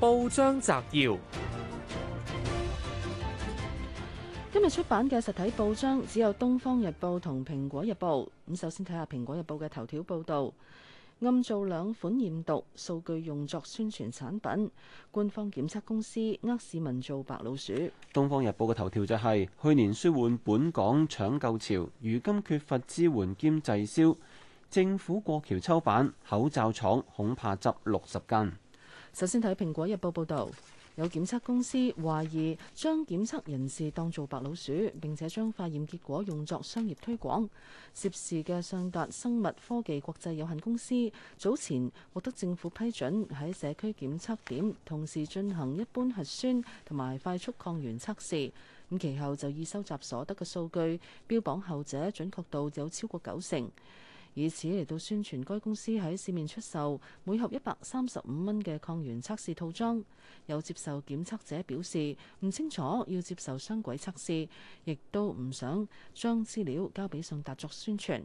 報章摘要：今日出版嘅實體報章只有《東方日報》同《蘋果日報》。咁首先睇下《蘋果日報》嘅頭條報道，暗造兩款驗毒數據用作宣傳產品，官方檢測公司呃市民做白老鼠。《東方日報》嘅頭條就係去年紓緩本港搶購潮，如今缺乏支援兼滯銷，政府過橋抽板，口罩廠恐怕執六十間。首先睇《蘋果日報》報導，有檢測公司懷疑將檢測人士當做白老鼠，並且將化驗結果用作商業推廣。涉事嘅上達生物科技國際有限公司早前獲得政府批准喺社區檢測點同時進行一般核酸同埋快速抗原測試，咁其後就以收集所得嘅數據標榜後者準確度有超過九成。以此嚟到宣傳該公司喺市面出售每盒一百三十五蚊嘅抗原測試套裝，有接受檢測者表示唔清楚要接受雙軌測試，亦都唔想將資料交俾相達作宣傳。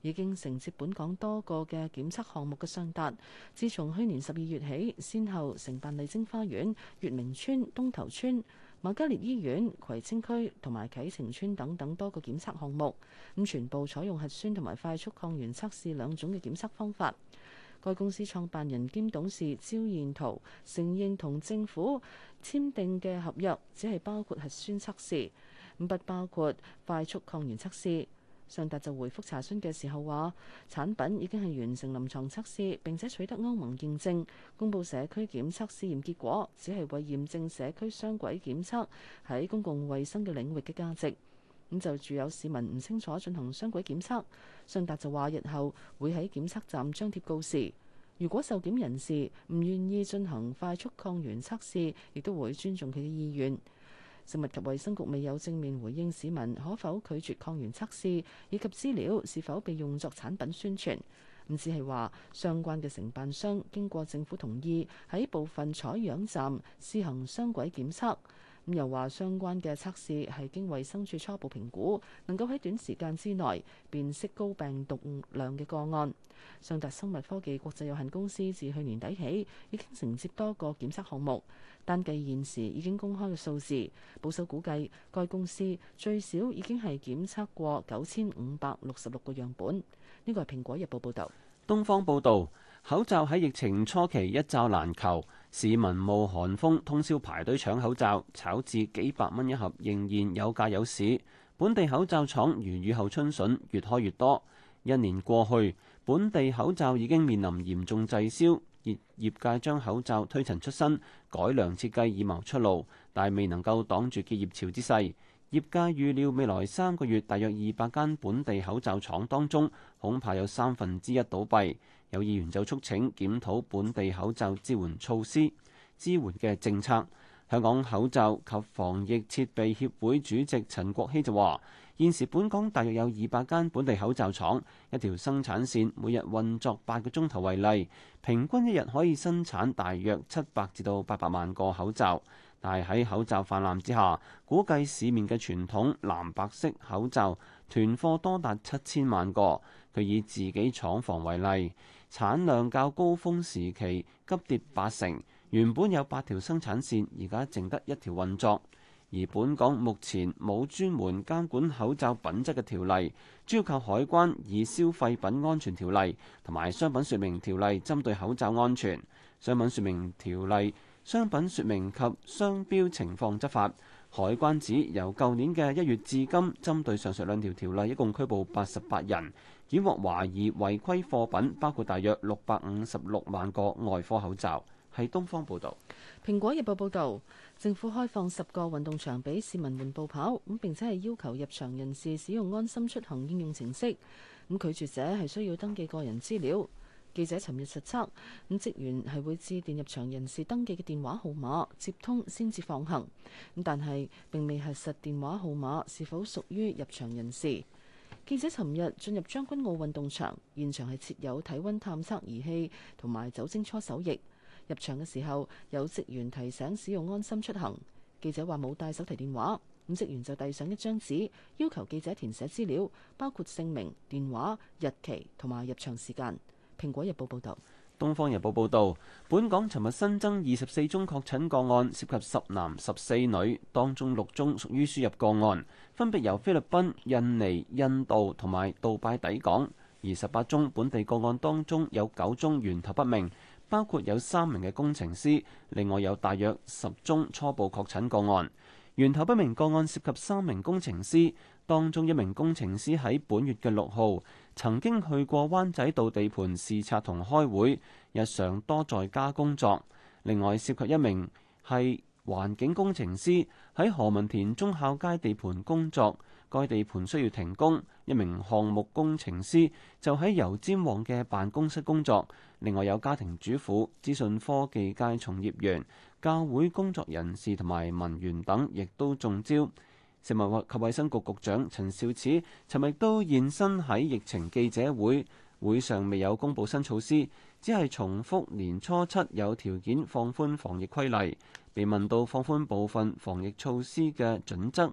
已經承接本港多個嘅檢測項目嘅相達，自從去年十二月起，先後承辦麗晶花園、月明村、東頭村、馬嘉烈醫院、葵青區同埋啟晴邨等等多個檢測項目，咁全部採用核酸同埋快速抗原測試兩種嘅檢測方法。該公司創辦人兼董事招彥圖承認同政府簽訂嘅合約只係包括核酸測試，咁不包括快速抗原測試。尚達就回覆查詢嘅時候話：產品已經係完成臨床測試，並且取得歐盟認證，公布社區檢測試驗結果，只係為驗證社區雙軌檢測喺公共衞生嘅領域嘅價值。咁就住有市民唔清楚進行雙軌檢測，尚達就話：日後會喺檢測站張貼告示，如果受檢人士唔願意進行快速抗原測試，亦都會尊重佢嘅意願。食物及衞生局未有正面回應市民可否拒絕抗原測試以及資料是否被用作產品宣傳，唔只係話相關嘅承辦商經過政府同意，喺部分採樣站試行雙軌檢測。咁又話相關嘅測試係經衛生署初步評估，能夠喺短時間之內辨識高病毒量嘅個案。尚達生物科技國際有限公司自去年底起已經承接多個檢測項目，單計現時已經公開嘅數字，保守估計該公司最少已經係檢測過九千五百六十六個樣本。呢個係《蘋果日報》報導。東方報導：口罩喺疫情初期一罩難求。市民冒寒風通宵排隊搶口罩，炒至幾百蚊一盒，仍然有價有市。本地口罩廠如雨後春筍，越開越多。一年過去，本地口罩已經面臨嚴重滯銷，業業界將口罩推陳出新，改良設計以謀出路，但未能夠擋住結業潮之勢。業界預料未來三個月，大約二百間本地口罩廠當中，恐怕有三分之一倒閉。有議員就促請檢討本地口罩支援措施，支援嘅政策。香港口罩及防疫設備協會主席陳國希就話：現時本港大約有二百間本地口罩廠，一條生產線每日運作八個鐘頭為例，平均一日可以生產大約七百至到八百萬個口罩。但係喺口罩泛濫之下，估計市面嘅傳統藍白色口罩囤貨多達七千萬個。佢以自己廠房為例。產量較高峰時期急跌八成，原本有八條生產線，而家淨得一條運作。而本港目前冇專門監管口罩品質嘅條例，主要靠海關以消費品安全條例同埋商品説明條例針對口罩安全。商品説明條例、商品説明及商標情況執法，海關指由舊年嘅一月至今，針對上述兩條條例，一共拘捕八十八人。檢獲懷疑違規貨品，包括大約六百五十六萬個外科口罩。係東方報道。蘋果日報報導，政府開放十個運動場俾市民緩步跑，咁並且係要求入場人士使用安心出行應用程式。咁拒絕者係需要登記個人資料。記者尋日實測，咁職員係會致電入場人士登記嘅電話號碼，接通先至放行。咁但係並未核實電話號碼是否屬於入場人士。記者尋日進入將軍澳運動場，現場係設有體溫探測儀器同埋酒精搓手液。入場嘅時候，有職員提醒使用安心出行。記者話冇帶手提電話，咁職員就遞上一張紙，要求記者填寫資料，包括姓名、電話、日期同埋入場時間。蘋果日報報導。《東方日報》報導，本港尋日新增二十四宗確診個案，涉及十男十四女，當中六宗屬於輸入個案，分別由菲律賓、印尼、印度同埋杜拜抵港。而十八宗本地個案當中有九宗源頭不明，包括有三名嘅工程師，另外有大約十宗初步確診個案，源頭不明個案涉及三名工程師。當中一名工程師喺本月嘅六號曾經去過灣仔道地盤視察同開會，日常多在家工作。另外涉及一名係環境工程師喺何文田忠孝街地盤工作，該地盤需要停工。一名項目工程師就喺油尖旺嘅辦公室工作。另外有家庭主婦、資訊科技界從業員、教會工作人士同埋文員等，亦都中招。食物及衛生局局長陳肇始尋日都現身喺疫情記者會。會上未有公布新措施，只係重複年初七有條件放寬防疫規例。被問到放寬部分防疫措施嘅準則，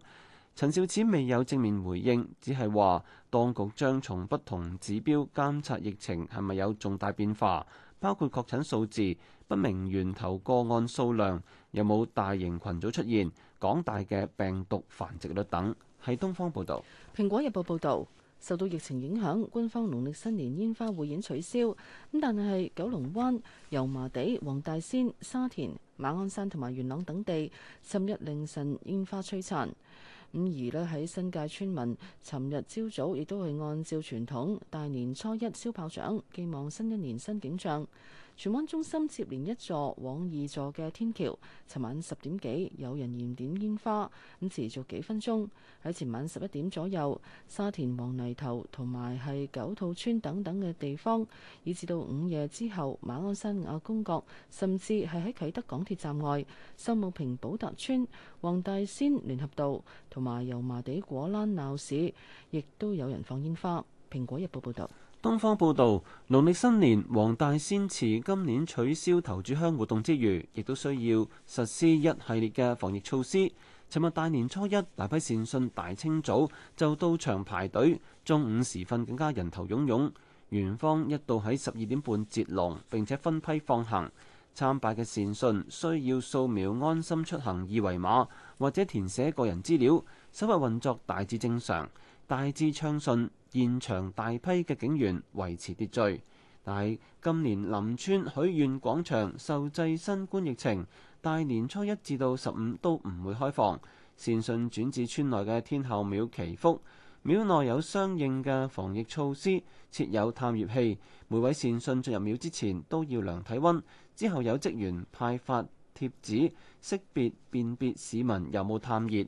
陳肇始未有正面回應，只係話當局將從不同指標監察疫情係咪有重大變化，包括確診數字、不明源頭個案數量，有冇大型群組出現。港大嘅病毒繁殖率等，係東方報道。蘋果日報報道，受到疫情影響，官方農曆新年煙花匯演取消。咁但係九龍灣、油麻地、黃大仙、沙田、馬鞍山同埋元朗等地，尋日凌晨煙花璀璨。咁而呢喺新界村民，尋日朝早亦都係按照傳統大年初一燒炮仗，寄望新一年新景象。荃灣中心接連一座往二座嘅天橋，尋晚十點幾有人燃點煙花，咁持續幾分鐘。喺前晚十一點左右，沙田黃泥頭同埋係九肚村等等嘅地方，以至到午夜之後，馬鞍山亞公角，甚至係喺啟德港鐵站外、秀茂坪寶達村、黃大仙聯合道同埋油麻地果欄鬧市，亦都有人放煙花。《蘋果日報，報道》報導。東方報道，農曆新年，黃大仙祠今年取消投注香活動之餘，亦都需要實施一系列嘅防疫措施。尋日大年初一，大批善信大清早就到場排隊，中午時分更加人頭湧湧。園方一度喺十二點半截龍，並且分批放行。參拜嘅善信需要掃描安心出行二維碼或者填寫個人資料，手法運作大致正常。大致暢順，現場大批嘅警員維持秩序。但係今年林村許願廣場受制新冠疫情，大年初一至到十五都唔會開放。善信轉至村內嘅天后廟祈福，廟內有相應嘅防疫措施，設有探熱器，每位善信進入廟之前都要量體温，之後有職員派發貼紙識別辨別市民有冇探熱，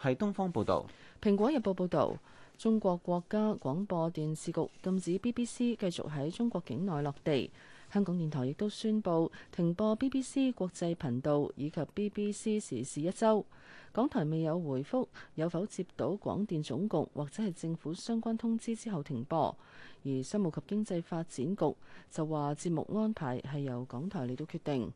係東方報道，《蘋果日報》報道。中國國家廣播電視局禁止 BBC 繼續喺中國境內落地，香港電台亦都宣布停播 BBC 國際頻道以及 BBC 時事一周。港台未有回覆有否接到廣電總局或者係政府相關通知之後停播，而商務及經濟發展局就話節目安排係由港台嚟到決定。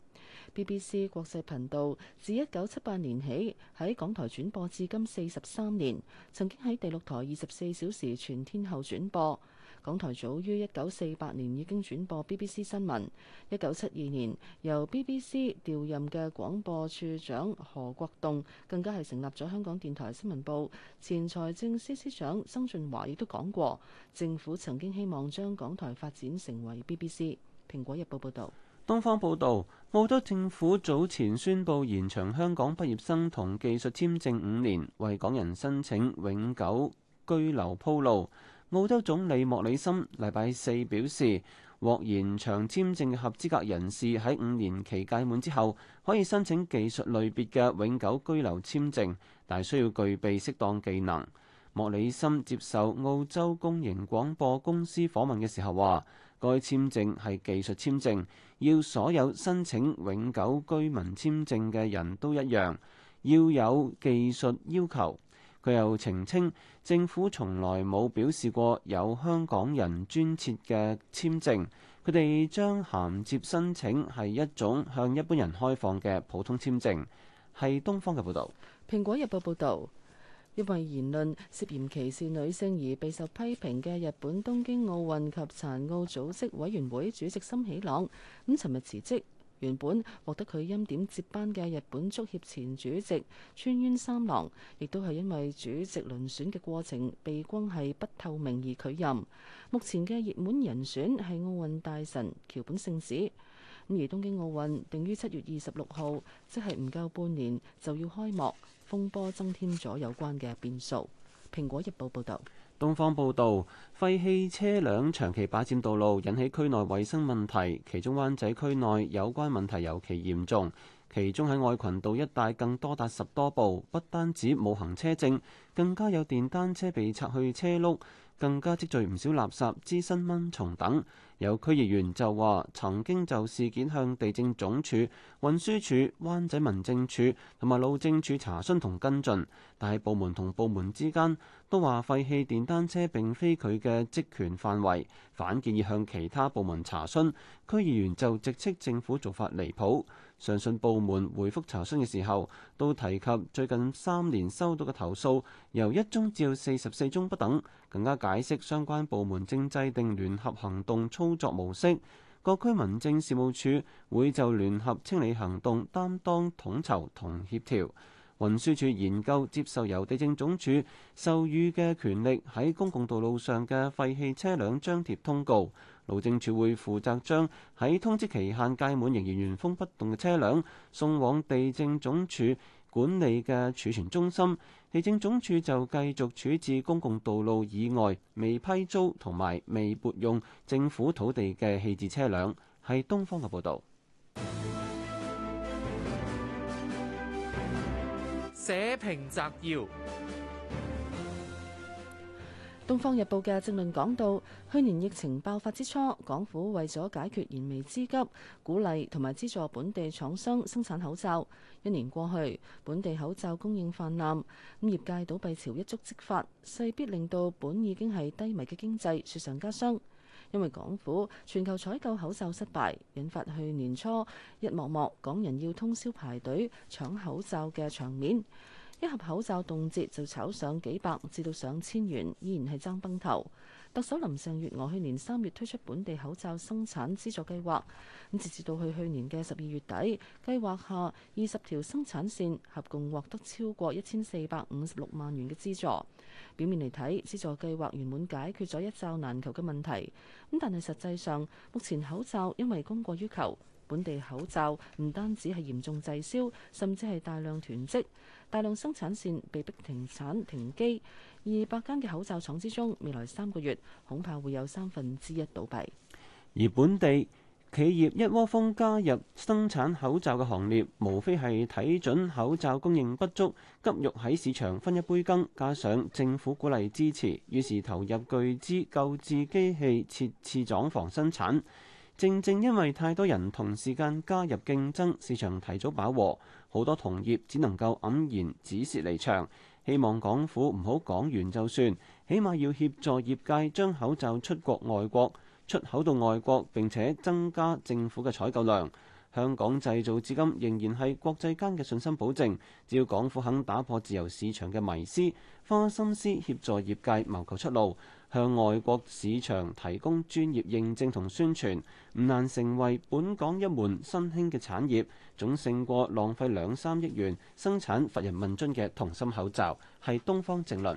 BBC 國際頻道自一九七八年起喺港台轉播，至今四十三年，曾經喺第六台二十四小時全天候轉播。港台早於一九四八年已經轉播 BBC 新聞。一九七二年由 BBC 調任嘅廣播處長何國棟，更加係成立咗香港電台新聞部。前財政司司長曾俊華亦都講過，政府曾經希望將港台發展成為 BBC。《蘋果日報》報導，《東方報道》。澳洲政府早前宣布延長香港畢業生同技術簽證五年，為港人申請永久居留鋪路。澳洲總理莫里森禮拜四表示，獲延長簽證嘅合資格人士喺五年期屆滿之後可以申請技術類別嘅永久居留簽證，但需要具備適當技能。莫里森接受澳洲公營廣播公司訪問嘅時候話，該簽證係技術簽證。要所有申請永久居民簽證嘅人都一樣，要有技術要求。佢又澄清，政府從來冇表示過有香港人專設嘅簽證。佢哋將銜接申請係一種向一般人開放嘅普通簽證。係東方嘅報導，《蘋果日報》報導。因為言論涉嫌歧視女性而備受批評嘅日本東京奧運及殘奧組織委員會主席森喜朗，咁尋日辭職。原本獲得佢欽點接班嘅日本足協前主席川淵三郎，亦都係因為主席輪選嘅過程被轟係不透明而拒任。目前嘅熱門人選係奧運大臣橋本聖子。咁而東京奧運定於七月二十六號，即係唔夠半年就要開幕。風波增添咗有關嘅變數。《蘋果日報》報道，《東方報道》廢棄車輛長期霸佔道路，引起區內衞生問題。其中灣仔區內有關問題尤其嚴重，其中喺愛群道一帶更多達十多部，不單止冇行車證，更加有電單車被拆去車轆，更加積聚唔少垃圾、滋生蚊蟲等。有區議員就話曾經就事件向地政總署、運輸署、灣仔民政處同埋路政署查詢同跟進，但係部門同部門之間都話廢棄電單車並非佢嘅職權範圍，反建議向其他部門查詢。區議員就直斥政府做法離譜。上信部門回覆查詢嘅時候，都提及最近三年收到嘅投訴由一宗至有四十四宗不等，更加解釋相關部門正制定聯合行動操作模式。各區民政事務處會就聯合清理行動擔當統籌同協調，運輸署研究接受由地政總署授予嘅權力喺公共道路上嘅廢棄車輛張貼通告。勞政處會負責將喺通知期限屆滿仍然原封不動嘅車輛送往地政總署管理嘅儲存中心，地政總署就繼續處置公共道路以外未批租同埋未撥用政府土地嘅棄置車輛。係東方嘅報道。社評摘要。《東方日報》嘅正論講到，去年疫情爆發之初，港府為咗解決燃眉之急，鼓勵同埋資助本地廠商生產口罩。一年過去，本地口罩供應氾濫，咁業界倒閉潮一觸即發，勢必令到本已經係低迷嘅經濟雪上加霜。因為港府全球採購口罩失敗，引發去年初一幕幕港人要通宵排隊搶口罩嘅場面。一盒口罩動輒就炒上幾百至到上千元，依然係爭崩頭。特首林鄭月娥去年三月推出本地口罩生產資助計劃，咁直至到去去年嘅十二月底，計劃下二十條生產線合共獲得超過一千四百五十六萬元嘅資助。表面嚟睇，資助計劃原本解決咗一罩難求嘅問題。咁但係實際上，目前口罩因為供過於求，本地口罩唔單止係嚴重滯銷，甚至係大量囤積。大量生產線被迫停產停機，二百間嘅口罩廠之中，未來三個月恐怕會有三分之一倒閉。而本地企業一窩蜂加入生產口罩嘅行列，無非係睇準口罩供應不足，急欲喺市場分一杯羹，加上政府鼓勵支持，於是投入巨資購置機器設置廠房生產，正正因為太多人同時間加入競爭，市場提早飽和。好多同業只能夠黯然止蝕離場，希望港府唔好講完就算，起碼要協助業界將口罩出國外國，出口到外國，並且增加政府嘅採購量。香港製造至今仍然係國際間嘅信心保證，只要港府肯打破自由市場嘅迷思，花心思協助業界謀求出路。向外國市場提供專業認證同宣傳，唔難成為本港一門新興嘅產業，總勝過浪費兩三億元生產乏人問津嘅同心口罩。係東方正論。